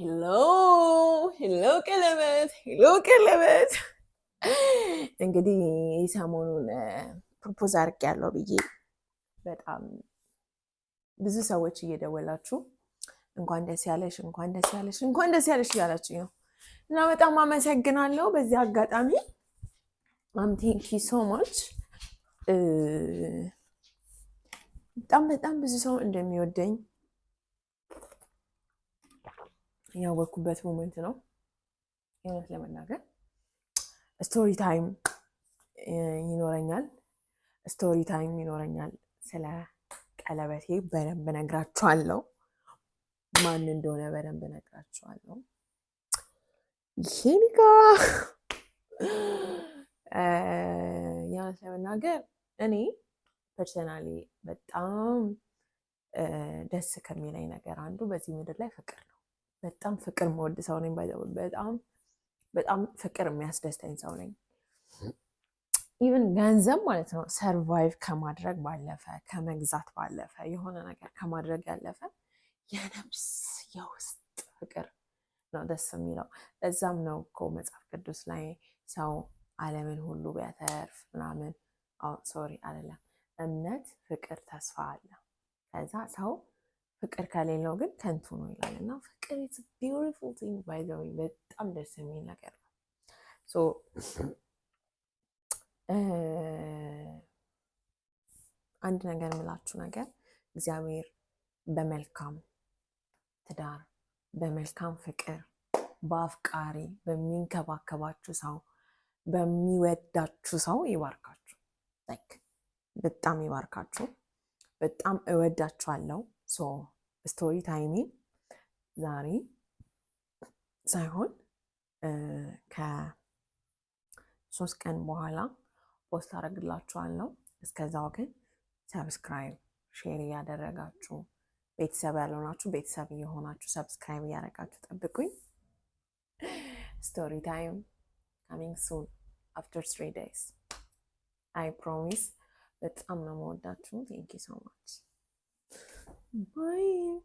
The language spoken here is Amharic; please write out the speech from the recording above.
ሄሎ፣ ሄሎ ቀለበት፣ ሄሎ ቀለበት። እንግዲህ ሰሞኑን ፕሮፖዝ አድርጌያለሁ ብዬ በጣም ብዙ ሰዎች እየደወላችሁ እንኳን ደስ ያለሽ፣ እንኳን ደስ ያለሽ፣ እንኳን ደስ ያለሽ እያላችሁ ነው እና በጣም አመሰግናለሁ። በዚህ አጋጣሚ አም ቴንኪ ሶ ማች በጣም በጣም ብዙ ሰው እንደሚወደኝ ያወቅኩበት ሞመንት ነው። እውነት ለመናገር ስቶሪ ታይም ይኖረኛል፣ ስቶሪ ታይም ይኖረኛል። ስለ ቀለበቴ በደንብ ነግራችኋለሁ፣ ማን እንደሆነ በደንብ ነግራችኋለሁ። ይሄን ጋ የእውነት ለመናገር እኔ ፐርሰናሊ በጣም ደስ ከሚለኝ ነገር አንዱ በዚህ ምድር ላይ ፍቅር ነው። በጣም ፍቅር መወድ ሰው ነኝ። በጣም በጣም ፍቅር የሚያስደስተኝ ሰው ነኝ። ኢቨን ገንዘብ ማለት ነው ሰርቫይቭ ከማድረግ ባለፈ ከመግዛት ባለፈ የሆነ ነገር ከማድረግ ያለፈ የነብስ የውስጥ ፍቅር ነው ደስ የሚለው። ለዛም ነው እኮ መጽሐፍ ቅዱስ ላይ ሰው ዓለምን ሁሉ ቢያተርፍ ምናምን ሶሪ አይደለም እምነት፣ ፍቅር፣ ተስፋ አለ ከዛ ሰው ፍቅር ከሌለው ግን ከንቱ ነው ይላል እና ፍቅር ኢትስ ቢዩቲፉል ቲንግ ባይ ዘ ወይ በጣም ደስ የሚል ነገር ነው። ሶ አንድ ነገር የምላችሁ ነገር እግዚአብሔር በመልካም ትዳር፣ በመልካም ፍቅር፣ በአፍቃሪ በሚንከባከባችሁ ሰው፣ በሚወዳችሁ ሰው ይባርካችሁ። በጣም ይባርካችሁ። በጣም እወዳችኋለሁ። ሶ ስቶሪ ታይሜ ዛሬ ሳይሆን ከሶስት ቀን በኋላ ፖስት አደርግላችኋለሁ። እስከዛው ግን ሰብስክራይብ፣ ሼር እያደረጋችሁ ቤተሰብ ያልሆናችሁ ቤተሰብ እየሆናችሁ ሰብስክራይብ እያደረጋችሁ ጠብቁኝ። ስቶሪ ታይም ካሚንግ ሱን አፍተር ስሪ ዴይስ አይ ፕሮሚስ። በጣም ነው መወዳችሁ። ቴንኪ ሶ ማች 不会。